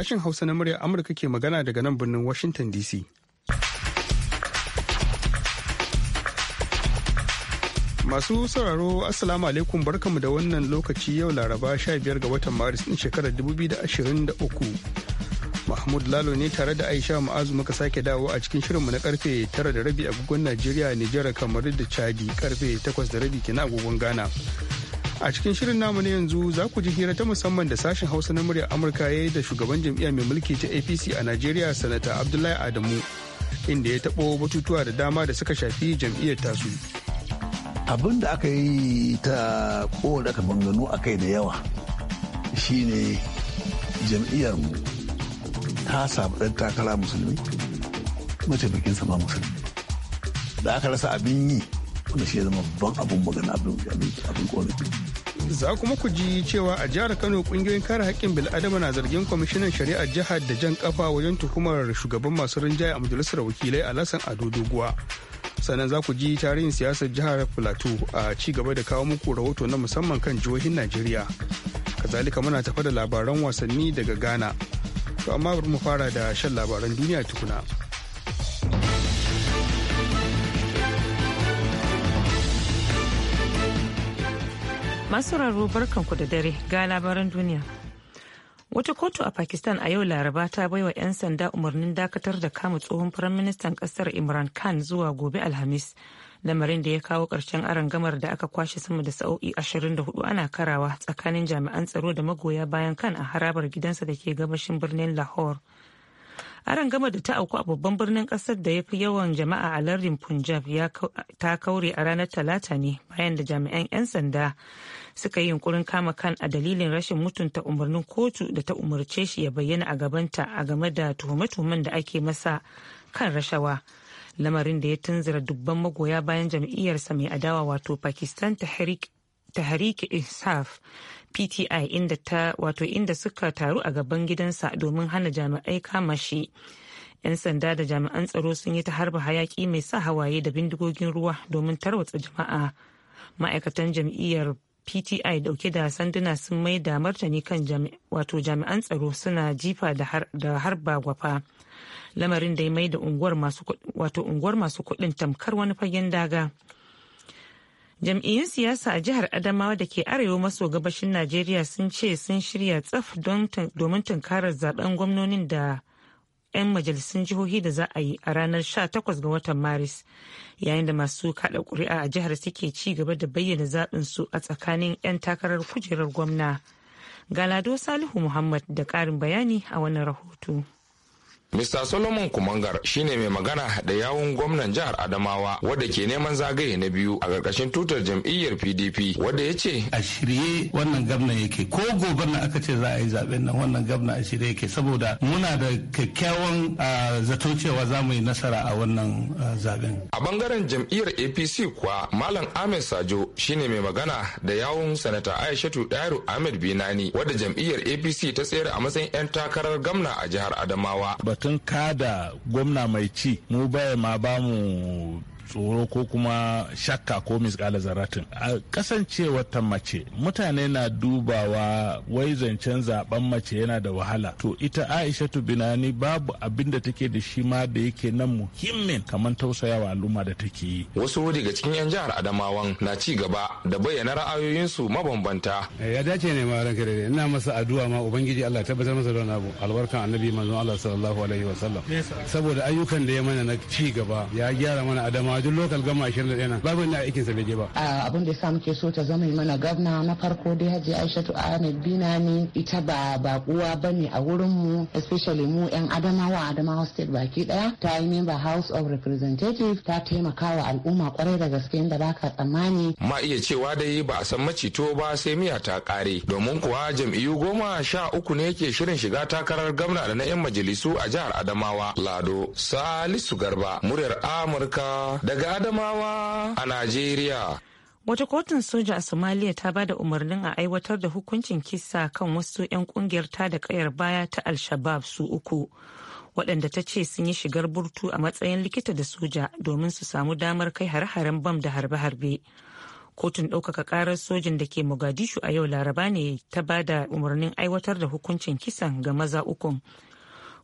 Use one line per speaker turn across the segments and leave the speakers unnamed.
Sashen Hausa na muryar Amurka ke magana daga nan birnin Washington DC. Masu sauraro Assalamu alaikum barkamu da wannan lokaci yau Laraba 15 ga watan Maris ɗin shekarar 2023. Mahmud Lalo ne tare da Aisha Ma'azu muka sake dawo a cikin shirinmu na karfe 9 da rabi agogon Najeriya, Nijar, kamar da Chadi karfe 8 da rabi kenan agogon Ghana. a cikin shirin namu na yanzu za ku ji hira ta musamman da sashen hausa na muryar amurka ya yi da shugaban jam'iyyar mai mulki ta apc a najeriya sanata abdullahi adamu inda ya taɓo batutuwa da dama da suka shafi jam'iyyar tasu
abin da aka yi ta kowane aka bangano a kai da yawa shine jam'iyyar mu ta samu ɗan takara musulmi
mataimakin sama musulmi da aka
rasa abin yi wanda shi ya zama babban abin magana abin abin abin
za kuma ku ji cewa a jihar kano kungiyoyin kare haƙƙin bil'adama na zargin kwamishinan shari'ar jihar da jan kafa wajen tuhumar shugaban masu rinjaye a majalisar wakilai a lasan ado doguwa sannan za ku ji tarihin siyasar jihar plateau a ci gaba da kawo muku rahoto na musamman kan jihohin najeriya kazalika muna tafa da labaran wasanni daga ghana to amma bari mu fara da shan labaran duniya tukuna.
Masu raro barkanku da dare ga labaran duniya. Wata kotu a Pakistan a yau Laraba ta baiwa 'yan sanda umarnin dakatar da kama tsohon firaministan kasar Imran Khan zuwa gobe Alhamis. Lamarin da ya kawo ƙarshen gamar da aka kwashe sama da sa'o'i 24 ana karawa tsakanin jami'an tsaro da magoya bayan kan a harabar gidansa da ke gabashin birnin Lahore. aron gama da ta auku a babban birnin kasar da ya fi yawan jama'a a lardin punjab ta kaure a ranar talata ne bayan da jami'an 'yan sanda suka yi yunkurin kama kan a dalilin rashin mutunta umarnin kotu da ta umarce shi ya bayyana a gabanta a game da tuhume-tuhumen da ake masa kan rashawa lamarin da ya tunzura dubban magoya bayan jam'iyyarsa mai adawa wato pakistan tahrik insaf pti inda ta wato inda suka taru a gaban gidansa domin hana jami'ai kama shi 'yan sanda da jami'an tsaro sun yi ta harba hayaki mai sa hawaye da bindigogin ruwa domin tarwatsa jama'a ma'aikatan jam'iyyar pti dauke da sanduna sun mai da martani kan wato jami'an tsaro suna jifa da harba gwafa lamarin da ya mai da unguwar masu kuɗin tamkar wani fagen daga jam'iyyun siyasa a jihar adamawa da ke arewa maso gabashin najeriya sun ce sun shirya tsaf domin tunkarar zaben gwamnonin da 'yan majalisun jihohi da za a yi a ranar 18 ga watan maris yayin da masu kada kuri'a a jihar suke ci gaba da bayyana zaɓin su a tsakanin 'yan takarar kujerar gwamna galado salihu muhammad da ƙarin bayani a wannan rahoto.
Mr. Solomon Kumangar shine mai magana da yawun gwamnan jihar Adamawa wadda ke neman zagaye na biyu a ƙarƙashin tutar jam'iyyar PDP
wadda ya ce a shirye wannan gwamna yake ko gobe nan aka ce za a yi zaben
nan wannan gwamna a shirye yake saboda muna da kyakkyawan zato cewa za mu yi nasara
a wannan zaben.
A bangaren jam'iyyar APC kuwa Malam Ahmed Sajo shine mai magana da yawun sanata Aishatu Dairu Ahmed Binani wadda jam'iyyar APC ta tsere a matsayin 'yan takarar gwamna a jihar Adamawa.
batun kada gwamna mai ci mu baya ma ba tsoro ko kuma shakka ko misgala zaratin a kasancewar ta mace mutane na dubawa wai zancen zaben mace yana da wahala to ita aishatu binani babu abin da take da shi ma da yake nan
muhimmin kamar tausayawa al'umma da take yi
wasu daga cikin yan jihar adamawan na ci gaba da bayyana ra'ayoyinsu mabambanta
ya dace ne ma ranka da ina masa addu'a ma ubangiji Allah tabbatar masa da abu albarkan annabi manzon Allah sallallahu alaihi wasallam saboda ayyukan da ya mana na ci gaba ya gyara mana adamawa duk lokal gama da ɗaya babu ina aikin sa bai je ba
abin da yasa ke so ta zama mana gwamna na farko dai Hajji Aishatu Ahmed Bina ne ita ba bakuwa ne a wurin mu especially mu yan Adamawa Adamawa state baki ɗaya ta yi member House of Representative ta taimaka wa al'umma kwarai da gaske inda ka tsammani
ma iya cewa dai ba a san macito ba sai miya ta kare domin kuwa jam'iyyu goma sha uku ne ke shirin shiga takarar gwamna da na yan majalisu a jihar Adamawa Lado Salisu Garba muryar Amurka daga Adamawa a Najeriya.
Wata kotun soja a Somalia ta ba da umarnin a aiwatar da hukuncin kisa kan wasu 'yan kungiyar ta da kayar baya ta Al-Shabaab su uku. waɗanda ta ce sun yi shigar burtu a matsayin likita da soja domin su samu damar kai hare-haren bam da harbe-harbe. Kotun ɗaukaka ƙarar sojin da ke Mogadishu a yau Laraba ne ta ba da umarnin aiwatar da hukuncin kisan ga maza ukun.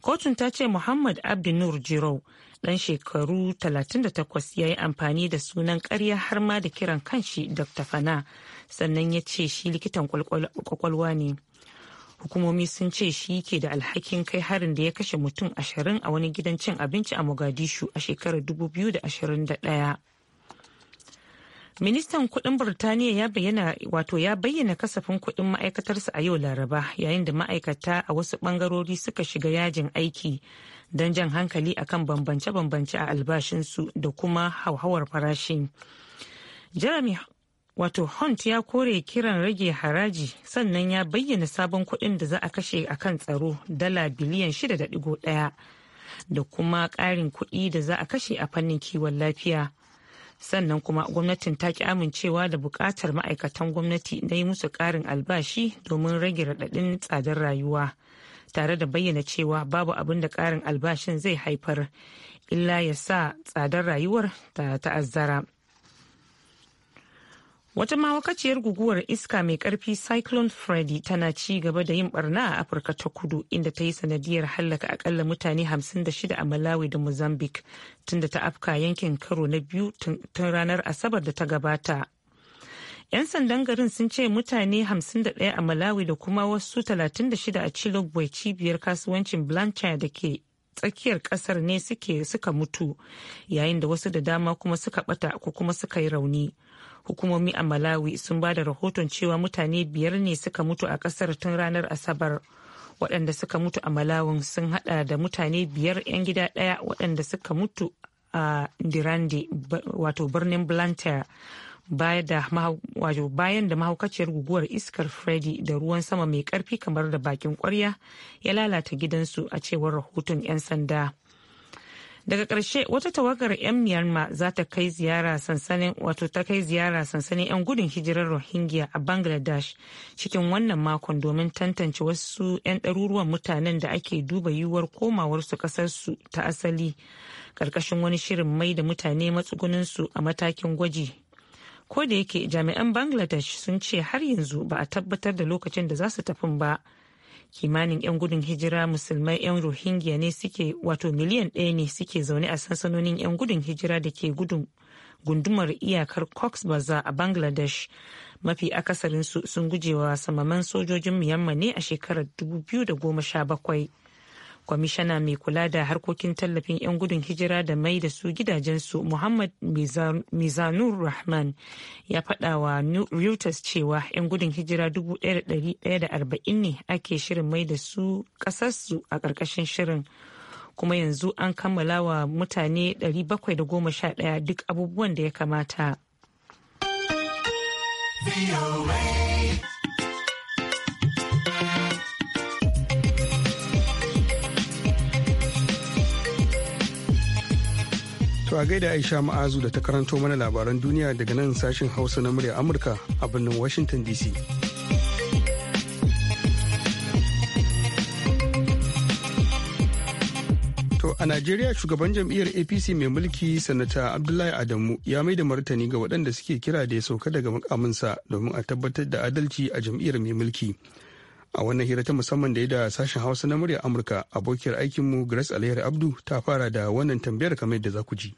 Kotun ta ce Muhammad Abdi Nur Jirau dan shekaru 38 ya yi amfani da sunan karya har ma da kiran kanshi dr fana sannan ya ce shi likitan kwakwalwa ne hukumomi sun ce shi ke da alhakin kai harin da ya kashe mutum ashirin a wani gidan cin abinci a mogadishu a shekarar 2021 ministan kudin burtaniya ya bayyana wato ya bayyana kasafin kudin ma'aikatarsa a yau laraba yayin da ma'aikata a wasu bangarori suka shiga yajin aiki don jan hankali akan bambance-bambance a albashinsu da kuma hauhawar farashi jeremy wato hunt ya kore kiran rage haraji sannan ya bayyana sabon kudin da za a kashe akan tsaro dala biliyan 6.1 da kuma ƙarin kuɗi da za a kashe a fannin kiwon lafiya sannan kuma gwamnatin ta ki amincewa da buƙatar ma'aikatan gwamnati na yi musu ƙarin albashi domin rage raɗaɗin tsadar rayuwa tare da bayyana cewa babu abin da ƙarin albashin zai haifar illa ya sa tsadar rayuwar ta ta'azzara Wata mawakaciyar guguwar iska mai karfi Cyclone Freddy tana ci gaba da yin barna a Afirka ta kudu inda ta yi sanadiyar hallaka akalla mutane 56 a Malawi da Mozambique tunda ta afka yankin karo na biyu tun ranar Asabar da ta gabata. 'Yan sandan garin sun ce mutane 51 a Malawi da kuma wasu 36 a Chilogwe cibiyar kasuwancin Blanchard da ke tsakiyar kasar ne suke suka mutu yayin da wasu da dama kuma suka bata ko kuma suka yi rauni. hukumomi a malawi sun ba da rahoton cewa mutane biyar ne suka mutu a kasar tun ranar asabar waɗanda suka mutu a malawi sun hada da mutane biyar 'yan gida ɗaya waɗanda suka mutu a dirande wato birnin blantyre bayan da mahaukaciyar guguwar iskar freddy da ruwan sama mai karfi kamar da bakin kwarya ya lalata gidansu a cewar rahoton 'yan sanda. daga ƙarshe wata tawagar 'yan myanmar za ta kai ziyara sansanin wato ta kai ziyara sansanin 'yan gudun hijirar rohingya a bangladesh cikin wannan makon domin tantance wasu 'yan ɗaruruwan mutanen da ake duba yiwuwar komawarsu ƙasarsu ta asali karkashin wani shirin mai da mutane matsuguninsu a matakin gwaji ko da yake jami'an bangladesh sun ce har yanzu ba a tabbatar da lokacin da za su tafin ba kimanin 'yan gudun hijira musulmai 'yan rohingya ne suke wato miliyan ɗaya ne suke zaune a sansanonin 'yan gudun hijira da ke gudun gundumar iyakar cox bazaar a bangladesh mafi akasarinsu sun gujewa samaman sojojin myanmar ne a shekarar 2017 kwamishana mai kula da harkokin tallafin 'yan gudun hijira da mai da su gidajensu muhammad mizanur rahman ya faɗa wa reuters cewa 'yan gudun hijira 1,140 ne ake shirin mai da su ƙasarsu a ƙarƙashin shirin kuma yanzu an kammala wa mutane 711 duk abubuwan da ya kamata.
a gaida Aisha Ma'azu da ta karanto mana labaran duniya daga nan sashen Hausa na murya Amurka a birnin Washington DC. a Najeriya shugaban jam'iyyar APC mai mulki sanata Abdullahi Adamu ya maida martani ga waɗanda suke kira da ya sauka daga makaminsa domin a tabbatar da adalci a jam'iyyar mai mulki. a wannan hira ta musamman da ya da sashen hausa na murya amurka abokiyar aikinmu grace Alayar abdu ta fara da wannan tambayar kamar da za ku ji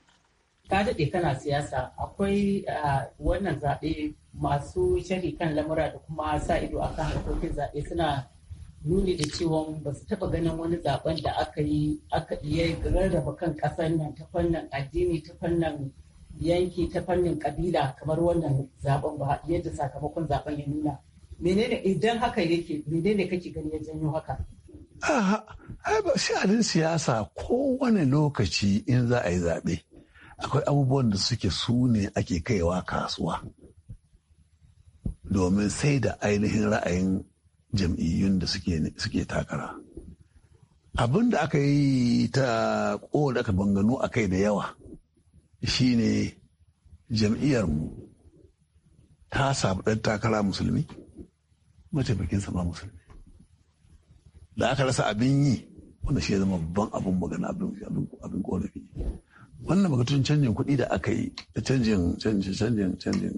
ka daɗe kana siyasa akwai ah, wannan zaɓe masu shari kan lamura da kuma sa ido a kan harkokin zaɓe suna nuni da cewa ba su taɓa ganin wani zaɓen da aka yi aka iya rarraba kan ƙasar nan ta fannin addini ta fannin yanki ta fannin ƙabila kamar wannan zaɓen ba yadda sakamakon zaɓen ya nuna menene idan haka yake menene kake gani ya janyo haka
a ah, ba siyasa kowane lokaci in za a yi zaɓe. akwai abubuwan da suke su ne ake kaiwa kasuwa domin sai da ainihin ra'ayin jam'iyyun da suke takara abin da aka yi ta kowane aka bangano a kai da yawa shine jam'iyyarmu ta sabu ɗan takara musulmi mataimakinsa sama musulmi da aka rasa abin yi wanda shi ya zama babban abin magana abin korafi wannan magatun canjin kuɗi da aka yi da canjin canjin canjin canjin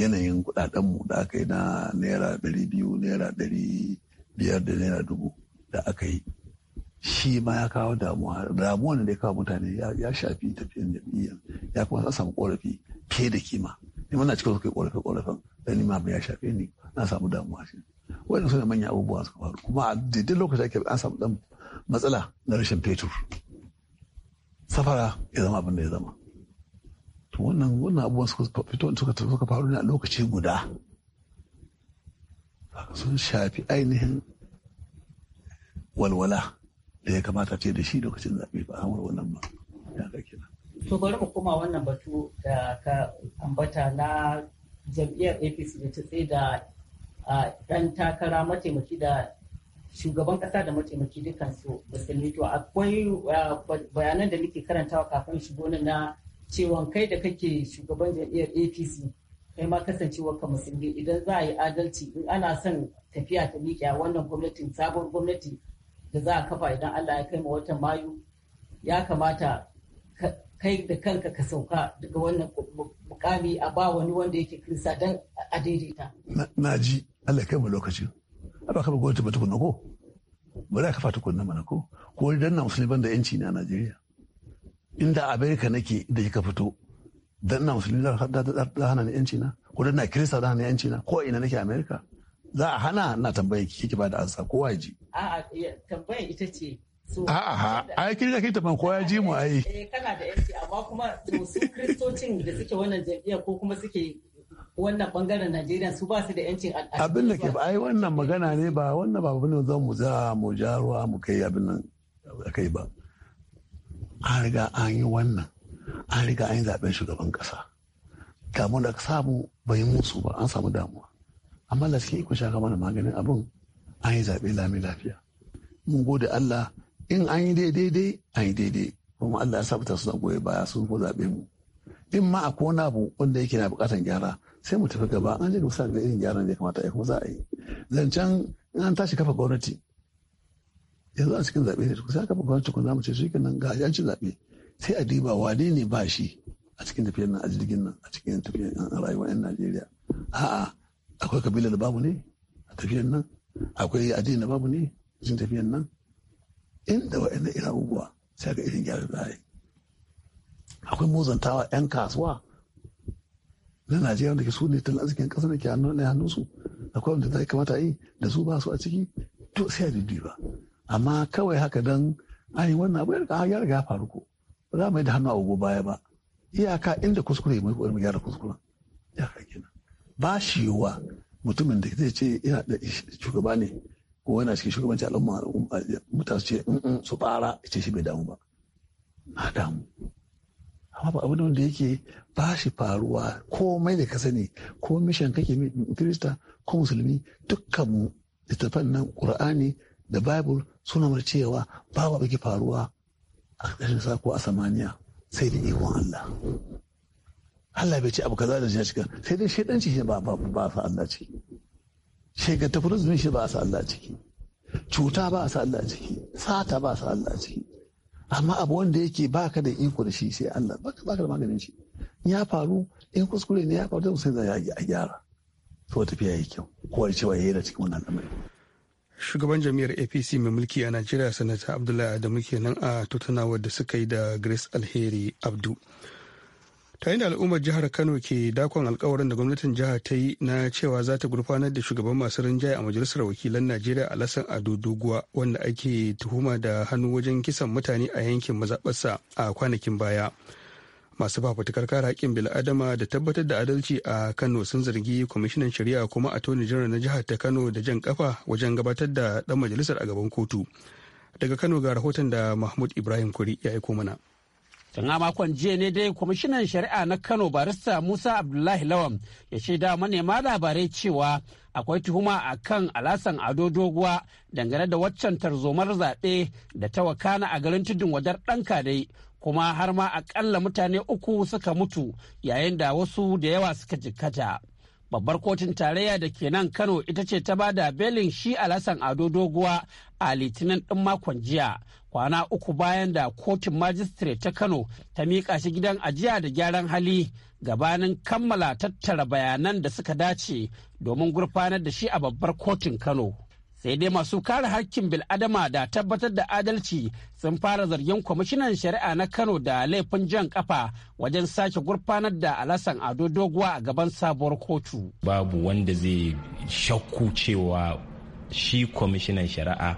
yanayin kuɗaɗenmu da aka yi na naira ɗari biyu naira ɗari biyar da naira dubu da aka yi shi ma ya kawo damuwa ne da ya kawo mutane ya shafi tafiyan jam'iyya ya kuma sa samu ƙorafi fiye da kima ni na cikin suka yi ƙorafi ƙorafin da ni ma ya shafe ni na samu damuwa shi Wani su ne manyan abubuwa suka faru kuma a daidai lokacin ake an samu dan matsala na rashin fetur safara ya zama abin da ya zama to wannan wannan abubuwan suka fito suka suka faru ne a lokaci guda sun shafi ainihin walwala da ya kamata ce da shi lokacin zaɓe ba samar wannan ba
ya ga to bari mu koma wannan batu da ka ambata na jam'iyyar apc da ta tsaye da dan takara mataimaki da shugaban kasa da mataimaki dukkan su musulmi to akwai ah, bayanan da muke karantawa kafin shigo na cewa kai da kake shugaban jam'iyyar apc kai ma kasancewa ka musulmi idan za a yi adalci in ana son tafiya ta miƙe a wannan gwamnatin sabon gwamnati da za a kafa idan allah ya kai ma watan mayu ya kamata kai da kanka ka sauka daga wannan mukami a ba wani wanda yake kirista don a daidaita.
na ji allah kai mu lokacin. a ba kafa gwamnati ba tukunna ko ba za ka kafa tukunna mana ko ko dan na musulmi da yanci na Najeriya inda Amerika nake da kika fito dan na za da hana ni yanci na ko dan na Kirista da hana ni yanci na ko ina nake Amerika za a hana na tambaye ki kike ba da ansa ko waje?
a'a tambayar ita ce A'a, ai kin da kinta ban koya ji mu ai. Eh kana da yanci amma kuma su kristocin da suke wannan jami'a ko kuma suke wannan bangaren Najeriya su ba su da yancin al'adu. Abin da ke
ba ai wannan magana ne ba wannan ba abin da mu za mu ja ruwa mu kai abin nan kai ba. An riga an yi wannan an riga an yi zaben shugaban kasa. Damu da samu bai yi musu ba an samu damuwa. Amma da suke iko shaka mana maganin abin an yi zaɓe lami lafiya. Mun gode Allah in an yi daidai dai an yi daidai. Kuma Allah ya sabata suna goyi baya sun ko zaɓe mu. In ma akwai wani abu wanda yake na buƙatar gyara sai mu tafi gaba an je ga misali da irin gyaran da ya kamata ya kuma za a yi zancen an tashi kafa gwamnati yanzu a cikin zaɓe ne sai kafa gwamnati kun mu ce su yi ga an ci zaɓe sai a diba wane ne ba shi a cikin tafiyar nan a jirgin nan a cikin tafiyar rayuwar 'yan Najeriya a'a akwai kabila da babu ne a tafiyar nan akwai addini da babu ne a cikin tafiyar nan inda wa'annan irin abubuwa sai ga irin gyara da akwai muzantawa 'yan kasuwa na Najeriya wanda ke su ne tun arzikin ƙasar da ke hannun hannun su akwai wanda ta kamata yi da su ba su a ciki to sai a ba amma kawai haka dan an yi wannan abu ya riga ya faru ko ba za mu yi da hannu a gobe baya ba iyaka inda kuskure mai mu gyara kuskuren iyaka kenan ba shi yiwuwa mutumin da zai ce yana da shugaba ne ko yana cikin shugabanci al'umma mutane ce su fara ce shi bai damu ba na damu amma ba abin da yake ba shi faruwa komai da ka sani ko mishan kake kirista ko musulmi dukkan mu littattafan nan qur'ani da bible suna mar cewa ba wa baki faruwa a ƙarshen sako a samaniya sai da ikon Allah Allah bai ce abu kaza da shi sai dai shaidan shi ba ba ba sa Allah ciki shaidan ta furuzumin shi ba sa Allah ciki cuta ba sa Allah ciki sata ba sa Allah ciki amma abu wanda yake baka da iko da shi sai Allah baka da maganin shi ya faru in kuskure ne ya faru sai yi a gyara to tafiya yi kyau cewa ya da cikin wannan lamarin
shugaban jami'ar apc mai mulki a najeriya sanata abdullahi adamu kenan a tutunawar da suka yi da grace alheri abdu ta da al'ummar jihar kano ke dakon alkawarin da gwamnatin jihar ta yi na cewa za ta gurfanar da shugaban masu rinjaye a majalisar wakilan najeriya alasan ado doguwa wanda ake tuhuma da hannu wajen kisan mutane a yankin mazaɓarsa a kwanakin baya masu fafutukar kare haƙƙin bil'adama da tabbatar da adalci a kano sun zargi kwamishinan shari'a kuma a tony jiran na jihar ta kano da jan kafa wajen gabatar da ɗan majalisar a gaban kotu daga kano ga rahoton da mahmud ibrahim kuri ya aiko mana
tun makon jiya ne dai kwamishinan shari'a na kano barista musa abdullahi lawan ya ce da manema labarai cewa akwai tuhuma a kan alasan ado doguwa dangane da waccan tarzomar zaɓe da ta wakana a garin tudun wadar ɗanka dai kuma har ma akalla mutane uku suka mutu yayin da wasu da yawa suka jikkata. Babbar kotun tarayya da ke nan Kano ita ce ta ba da belin shi Alhassan Ado Doguwa a litinin ɗin makon jiya kwana uku bayan da kotun majistire ta Kano ta miƙa shi gidan ajiya da gyaran hali gabanin kammala tattara bayanan da suka dace domin gurfanar da shi a babbar kotun Kano. sai dai masu kare hakkin bil'adama da tabbatar da adalci sun fara zargin kwamishinan shari'a na kano da laifin jan kafa wajen sake gurfanar da alasan ado doguwa a gaban sabuwar kotu
babu wanda zai shakku cewa shi kwamishinan shari'a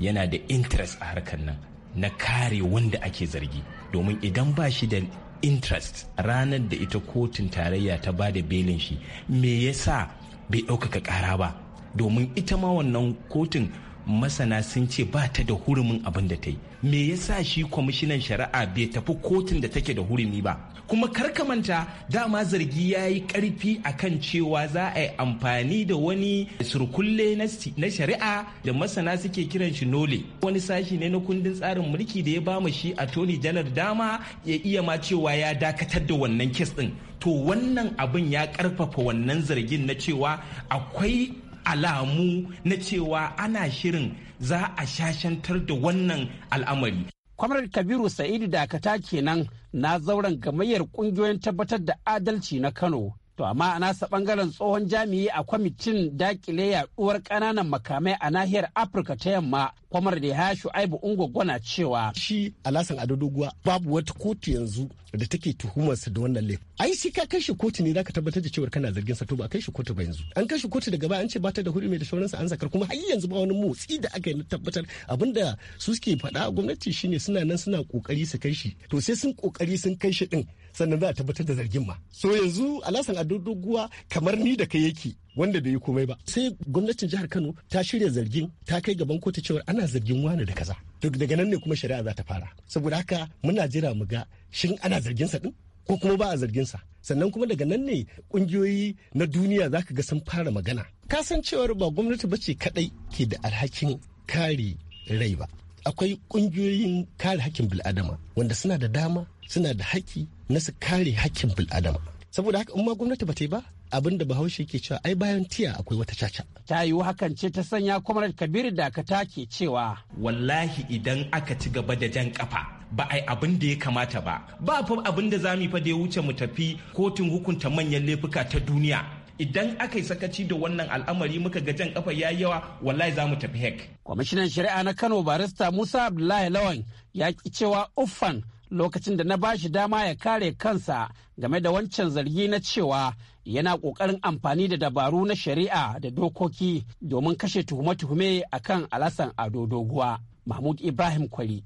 yana da interest a harkar nan na kare wanda ake zargi domin idan ba shi da interest ranar da ita kotun tarayya ta ba da belin shi me yasa bai ɗaukaka ƙara ba domin ita ma wannan kotun masana sun ce ba ta da hurumin abin da ta yi me yasa shi kwamishinan shari'a bai tafi kotun da take da hurumi ba kuma karkamanta dama zargi ya yi karfi akan cewa za a yi amfani da wani surkulle na shari'a da masana suke kiran shi nole wani sashi ne na kundin tsarin mulki da ya bama shi a toni janar dama ya iya ma cewa ya dakatar da wannan kes din to wannan abin ya karfafa wannan zargin na cewa akwai alamu na cewa ana shirin za a shashantar da wannan al'amari.
Kwamrar Kabiru Sa'idu Dakata kenan na zauren gamayyar kungiyoyin tabbatar da adalci na Kano To amma a nasa bangaren tsohon jami'i a kwamitin dakile yaduwar kananan makamai a nahiyar Afirka ta yamma kwamar da ya shu'aibu ungwagwa na cewa. Shi alasan doguwa babu wata kotu
yanzu da take tuhumarsa da wannan laifin. Ai shi ka kai shi kotu ne zaka tabbatar da cewa kana zargin sa to ba kai shi kotu ba yanzu. An kai shi kotu daga baya an ce bata da hurumi da sauransa an zakar kuma har yanzu ba wani motsi da aka yi na tabbatar abinda su suke faɗa gwamnati shine suna nan suna kokari su kai shi to sai sun kokari sun kai shi din sannan za a tabbatar da zargin ma so yanzu alasan ado doguwa kamar ni da kai yake wanda bai yi komai ba sai gwamnatin jihar kano ta shirya zargin ta kai gaban kotu cewar ana zargin wani da kaza duk daga nan ne kuma shari'a za ta fara saboda haka muna jira mu ga shin ana zargin sa din ko kuma ba a zargin sa sannan kuma daga nan ne kungiyoyi na duniya za ka ga sun fara magana san kasancewar ba gwamnati ba ce kadai ke da alhakin kare rai ba akwai kungiyoyin kare hakkin bil'adama wanda suna da dama suna da haƙƙi na su kare hakkin bil'adama saboda haka in ma gwamnati ba ta yi ba abin da bahaushe ke cewa ai bayan tiya akwai wata caca. ta yiwu hakan ce ta sanya kwamar kabir dakata ke cewa wallahi idan aka ci gaba da jan kafa ba ai abin da ya kamata ba ba fa abin da zamu fa da ya wuce mu tafi kotun hukunta manyan laifuka ta duniya
idan aka yi sakaci da wannan al'amari muka ga jan kafa yayi yawa wallahi za mu tafi hek. Kwamishinan shari'a na Kano barista Musa Abdullahi Lawan ya ki cewa uffan lokacin da na ba shi dama ya kare kansa game da wancan zargi na cewa yana ƙoƙarin amfani da dabaru na shari'a da dokoki domin kashe tuhume-tuhume a kan alasan ado doguwa. Mahmud Ibrahim Kwari,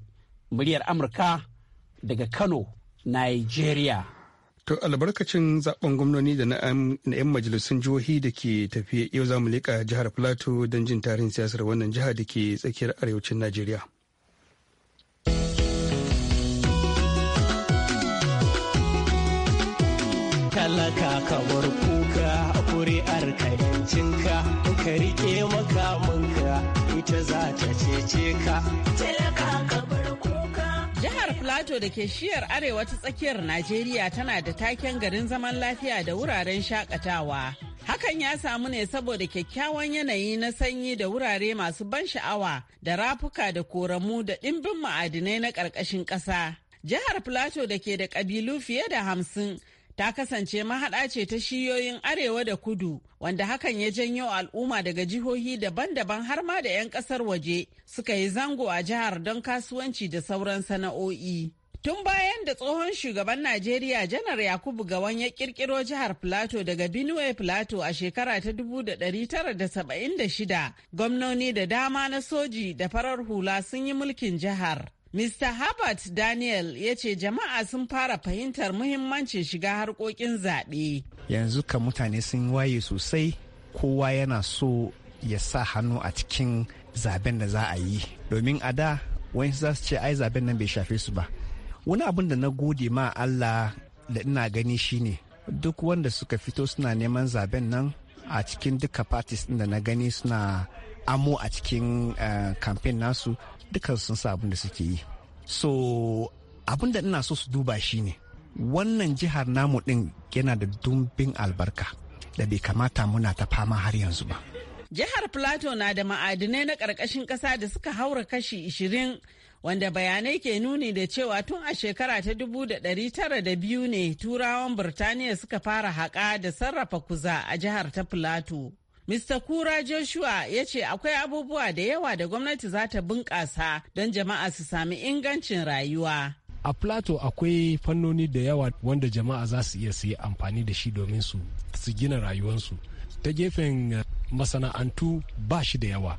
muryar Amurka daga Kano, Nigeria.
To albarkacin zaben gwamnoni da na 'yan majalisun jihohi da ke tafiya yau za mu leƙa jihar Plateau don jin tarihin siyasar wannan jihar da ke tsakiyar arewacin Najeriya.
Cinka, in ka rike makamanka ita za ta
cece ka.
Jihar Plateau da ke shiyar arewa ta tsakiyar Najeriya tana da taken garin zaman lafiya da wuraren shakatawa. Hakan ya samu ne saboda kyakkyawan yanayi na sanyi da wurare masu ban sha'awa da rafuka da koramu da ɗimbin ma'adinai na ƙarƙashin ƙasa. Jihar Plateau da ke da ƙabilu fiye da hamsin ta kasance mahaɗa ce ta shiyoyin arewa da kudu wanda hakan ya janyo al'umma daga jihohi daban-daban har ma da 'yan ƙasar waje suka yi zango a jihar don kasuwanci da sauran sana'o'i. Tun bayan da tsohon shugaban Najeriya Janar Yakubu Gawan ya kirkiro jihar Plateau daga Benue Plateau a shekara ta 1976, gwamnoni da dama na soji da farar hula sun yi mulkin jihar. Mr. Herbert Daniel ya ce jama'a sun fara fahimtar muhimmancin shiga harkokin zaɓe.
Yanzu ka mutane sun waye sosai kowa yana so ya sa hannu a cikin zaben da za a yi. Domin a da wani za su ce ai zaben nan bai shafe su ba. Wani abin da na gode ma Allah da ina gani shine duk wanda suka fito suna neman zaben nan a cikin duka parties da na gani suna amo a cikin kamfen eh, nasu dukkan sun sa abin da suke yi so abin da ina so su duba shi ne wannan jihar namu ɗin yana da dumbin albarka da bai kamata muna ta fama har yanzu ba
jihar plateau na da ma'adinai na ƙarƙashin ƙasa da suka haura kashi 20 wanda bayanai ke nuni da cewa tun a shekara ta biyu ne turawan Birtaniya suka fara haƙa da sarrafa kuza a jihar ta plateau. Mr. Kura Joshua ya ce akwai abubuwa da yawa da gwamnati za ta bunƙasa don jama'a su sami ingancin rayuwa.
A Plato akwai fannoni da yawa wanda jama'a za su iya su yi amfani da shi domin su gina rayuwarsu. Ta gefen eh, masana'antu ba shi da yawa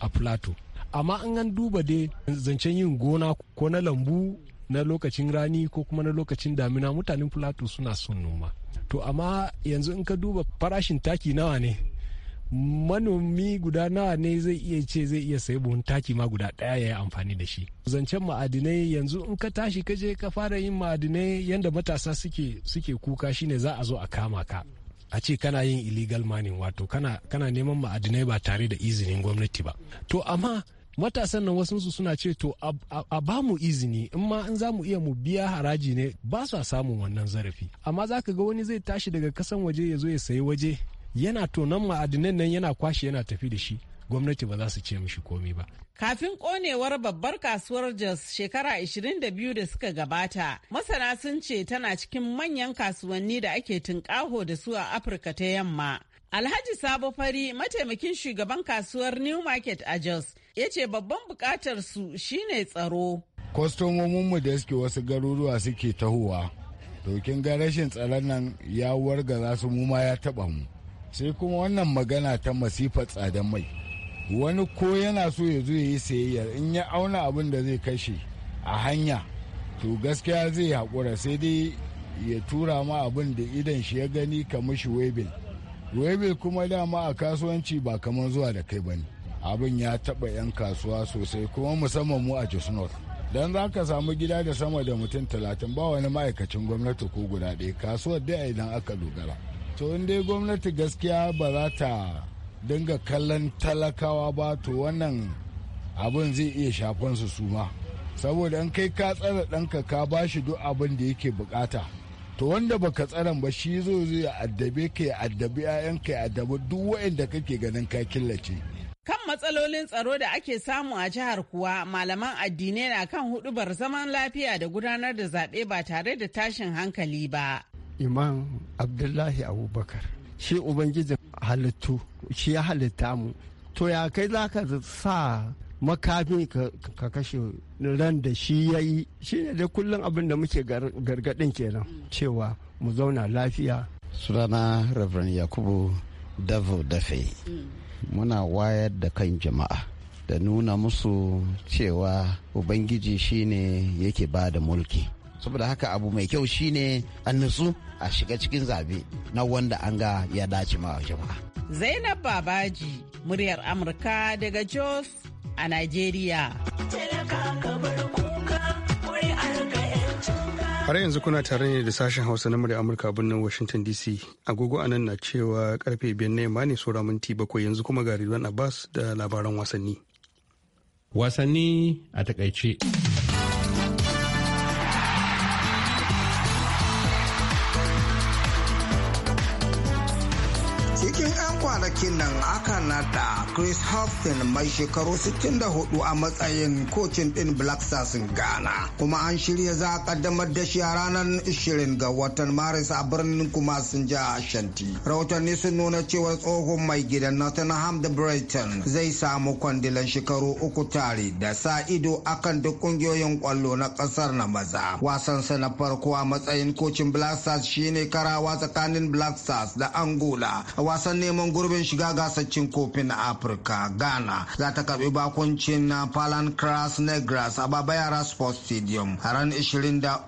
a Plato. Amma an an duba dai zancen yin gona ko na lambu na lokacin rani ko kuma na lokacin damina mutanen Plato suna son noma. To amma yanzu in ka duba farashin taki nawa ne? manomi guda nawa ne zai iya ce zai iya sayi buhun taki ma guda ɗaya ya yi amfani da shi zancen ma'adinai yanzu in ka tashi ka je ka fara yin ma'adinai yanda matasa suke kuka shine za a zo a kama ka a ce kana yin illegal mining wato kana kana neman ma'adinai ba tare da izinin gwamnati ba to amma matasan nan wasu suna ce to a ba mu izini in ma in za mu iya mu biya haraji ne ba sa samun wannan zarafi amma za ga wani zai tashi daga kasan waje ya zo ya sayi waje yana tonon ma'adinan nan yana kwashe yana tafi da shi gwamnati ba za su ce mishi komi ba.
Kafin konewar babbar kasuwar Jos shekara 22 da suka gabata, masana sun ce tana cikin manyan kasuwanni da ake tunƙaho da su a Afirka ta yamma. Alhaji Sabo Fari, mataimakin shugaban kasuwar New Market a Jos, ya ce babban bukatar su shine tsaro.
Kwastomominmu da suke wasu garuruwa suke tahowa, dokin ga rashin tsaron nan ya warga za su mu ma ya taba mu. sai kuma wannan magana ta masifa tsadan mai wani ko yana so ya zo ya yi sayayyar in ya auna abin da zai kashe a hanya to gaskiya zai haƙura sai dai ya tura ma abin da idan shi ya gani ka mishi webin webin kuma dama a kasuwanci ba kamar zuwa da kai ba ne abin ya taɓa 'yan kasuwa sosai kuma musamman mu a jos north don za ka samu gida da sama da mutum talatin ba wani ma'aikacin gwamnati ko guda ɗaya kasuwar dai idan aka dogara to in dai gwamnati gaskiya ba za ta dinga kallon talakawa ba to wannan abin zai iya shafan su su saboda in kai ka tsara ɗanka ka ba shi duk abin da yake bukata to wanda baka tsara ba shi zo zai addabe ka ya addabi 'ya'yanka ya addabi duk waɗanda kake ganin ka killace
kan matsalolin tsaro da ake samu a jihar kuwa malaman addinai na kan hudubar zaman lafiya da gudanar da zaɓe ba tare da tashin hankali ba
Iman abdullahi abubakar shi ubangijin halittu shi ya halitta mu to ya kai za ka sa makami ka kashe ran da shi ya yi shi ne da kullum abin da muke
gargadin kenan cewa mu zauna lafiya
sunana reverend yakubu davo dafe muna wayar da kan jama'a da nuna musu cewa ubangiji shi ne yake ba da mulki saboda haka abu mai kyau shine an nutsu a shiga cikin zabe na wanda an ga ya dace ma jama'a
zainab babaji muryar amurka daga jos a nigeria
har yanzu kuna tare ne da sashen hausa na murya amurka a birnin washington dc agogo a nan na cewa karfe biyar na yamma ne saura minti bakwai yanzu kuma ga ridwan abbas da labaran wasanni wasanni a takaice
kwanakin nan aka nada chris hoffman mai shekaru 64 a matsayin kocin ɗin black stars ghana kuma an shirya za a kaddamar da shi a ranar 20 ga watan maris a birnin kuma sun ja shanti rahotanni sun nuna cewa tsohon mai gidan nottingham da brighton zai samu kwandilan shekaru uku tare da sa ido akan duk kungiyoyin kwallo na ƙasar na maza wasansa na farko a matsayin kocin black stars shine karawa tsakanin black stars da angola a wasan neman gurbin shiga gasaccin cin kofin afirka ghana za ta karbi bakuncin na palan cras negras a baba yara sports stadium a ran 23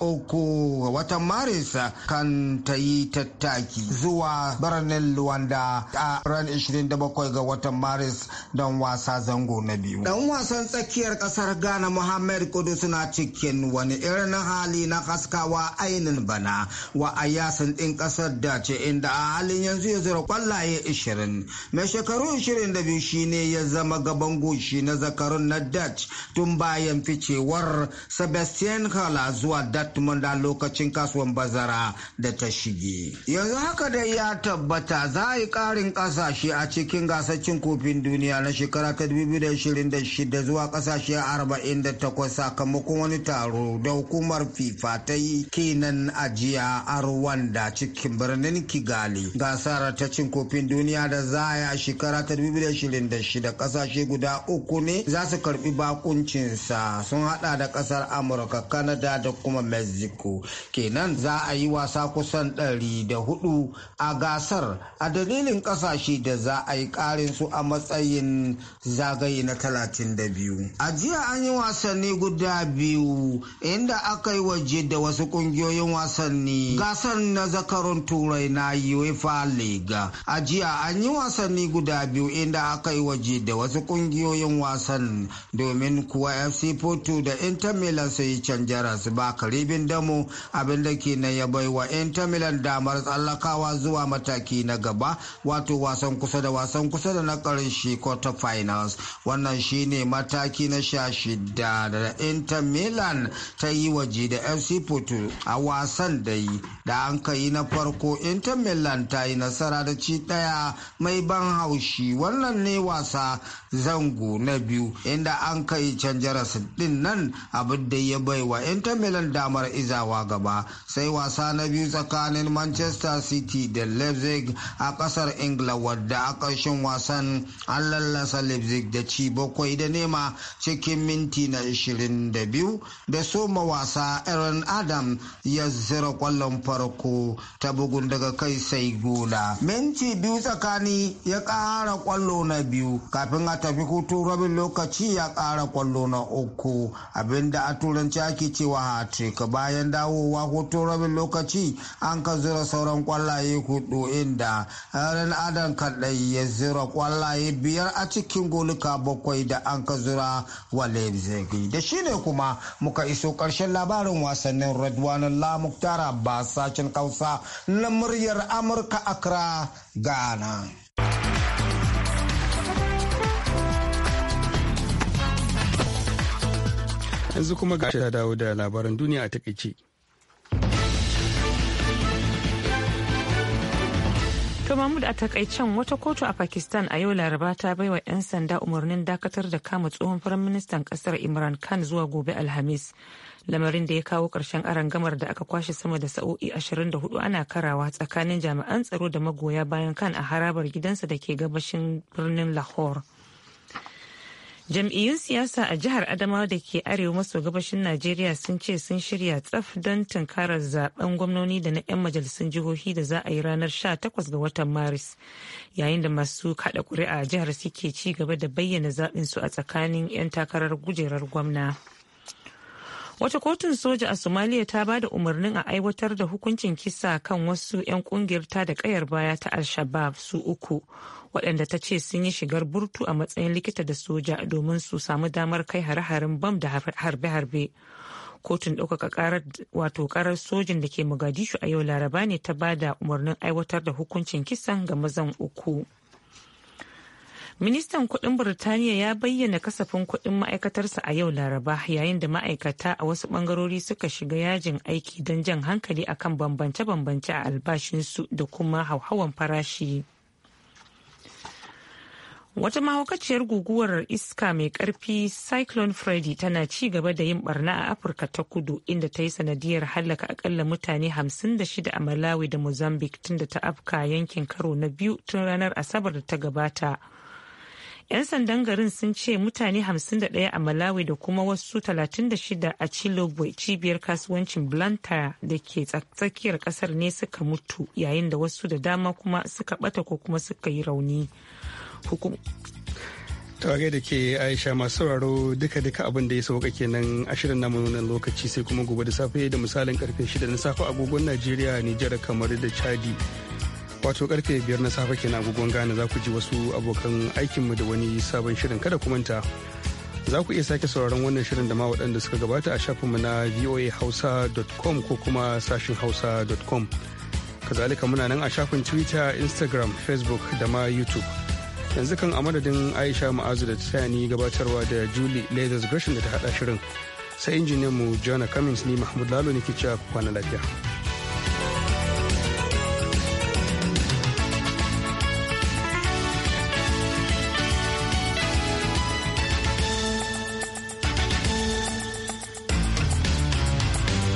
watan maris kan ta yi tattaki zuwa birnin luwanda a ran 27 ga watan maris don wasa zango na biyu dan wasan tsakiyar kasar ghana muhammad kudu suna cikin wani irin hali na haskawa ainin bana wa ayasin din kasar dace inda a halin yanzu ya zira kwallaye 20 ashirin mai shekaru ashirin da biyu shine ya zama gaban goshi na zakarun na dutch tun bayan ficewar sebastian hala zuwa dortmund a lokacin kasuwan bazara da ta shige yanzu haka dai ya tabbata za a yi karin kasashe a cikin gasar cin kofin duniya na shekara ta 2026 zuwa kasashe 48 sakamakon wani taro da hukumar fifa ta yi kenan ajiya a rwanda cikin birnin kigali gasar ta cin kofin duniya duniya da za a yi a shekara ta 2026 kasashe guda uku ne za su karbi bakuncinsa sun hada da kasar amurka kanada da kuma mexico kenan za a yi wasa kusan 104 a gasar a dalilin kasashe da za a yi karin su a matsayin zagaye na 32 a jiya an yi wasanni guda biyu inda aka yi waje da wasu kungiyoyin wasanni gasar na zakarun turai na uefa lega a jiya an yi wasanni guda biyu inda aka yi waje da wasu kungiyoyin wasan domin kuwa fc porto da inter milan su yi canjara su ba karibin damo abinda ke na ya bai wa inter milan damar tsallakawa zuwa mataki na gaba wato wasan kusa da wasan kusa da na karshe quarter finals wannan shine mataki na sha shida da inter milan ta yi waje da fc porto a wasan da yi da an ka yi na farko inter milan ta yi nasara da ci daya mai ban haushi wannan ne wasa zango na biyu inda an kai can jaras din nan abin da ya baiwa inter milan damar izawa gaba sai wasa na biyu tsakanin manchester city da leipzig a kasar ingila wadda a ƙarshen wasan an lallasa leipzig da ci bakwai da nema cikin minti na 22 da soma wasa aaron adam ya zira kwallon farko ta bugun daga kai sai gola minti biyu tsakanin sani ya ƙara kwallo na biyu kafin a tafi hutu rabin lokaci ya ƙara kwallo na uku abinda a turanci ake cewa hatrik bayan dawowa hutu rabin lokaci an ka zira sauran kwallaye hudu inda ran adam kaɗai ya zira kwallaye biyar a cikin goluka bakwai da an ka zira wa leipzig da shi ne kuma muka iso ƙarshen labarin wasannin radwanan lamuktar abbas sashen kausa na muryar amurka accra Ghana.
Yanzu kuma ga ta dawo da labaran duniya a takaice.
To Mahmud a takaicen wata kotu a Pakistan a yau Laraba ta baiwa 'yan sanda umarnin dakatar da kama tsohon firaministan kasar Imran Khan zuwa gobe Alhamis. lamarin da ya kawo ƙarshen arangamar da aka kwashe sama da sa'o'i 24 ana karawa tsakanin jami'an tsaro da magoya bayan kan a harabar gidansa da ke gabashin birnin lahore jam'iyyun siyasa a jihar adamawa da ke arewa maso gabashin najeriya sun ce sun shirya tsaf don tunkarar zaben gwamnoni da na 'yan majalisun jihohi da za a yi ranar 18 ga watan maris yayin da masu kada kuri'a jihar suke ci gaba da bayyana zaɓinsu a tsakanin 'yan takarar gujerar gwamna. wata kotun soja a somaliya ta ba da umarnin a aiwatar da hukuncin kisa kan wasu 'yan kungiyar ta da kayar baya ta al-shabab su uku waɗanda ta ce sun yi shigar burtu a matsayin likita da soja domin su samu damar kai hare-haren bam da harbe-harbe kotun ɗaukaka karar wato karar sojin da ke mugadishu a yau laraba ne ta ba da umarnin aiwatar da hukuncin kisan ga mazan uku. Ministan kudin Burtaniya ya bayyana kasafin kudin ma'aikatarsa a yau Laraba yayin da ma'aikata a wasu bangarori suka shiga yajin aiki don jan hankali akan bambance-bambance a albashinsu da kuma hauhawan farashi. Wata mahaukaciyar guguwar iska mai karfi Cyclone Freddy tana ci gaba da yin barna a Afirka ta kudu inda ta yi sanadiyar hallaka akalla mutane 56 a Malawi da Mozambique tunda ta afka yankin karo na biyu tun ranar Asabar da ta gabata. 'Yan sandan garin sun ce mutane 51 a Malawi da kuma wasu 36 a Chilogwe cibiyar kasuwancin Blantyre da ke tsakiyar kasar ne suka mutu yayin da wasu da dama kuma suka bata ko kuma suka yi rauni. Hukum.
tare da ke aisha masu sauraro duka-duka abin da ya sauka kenan ashirin na nan lokaci sai kuma gobe da safe da misalin karfe shida na safe agogon najeriya nijar kamar da chadi wato karfe biyar na safe kenan agogon gane za ku ji wasu abokan aikinmu da wani sabon shirin kada ku manta. Za ku iya sake sauraron wannan shirin da ma waɗanda suka gabata a shafinmu na voahausa.com ko kuma sashin hausa.com. Kazalika muna nan a shafin Twitter, Instagram, Facebook da ma YouTube. Yanzu kan a madadin Aisha Ma'azu da ta ni gabatarwa da Julie Leathers Gresham da ta hada shirin. Sai injiniyanmu Jona Cummings ni Mahmud Lalo ne ke cewa kwana lafiya.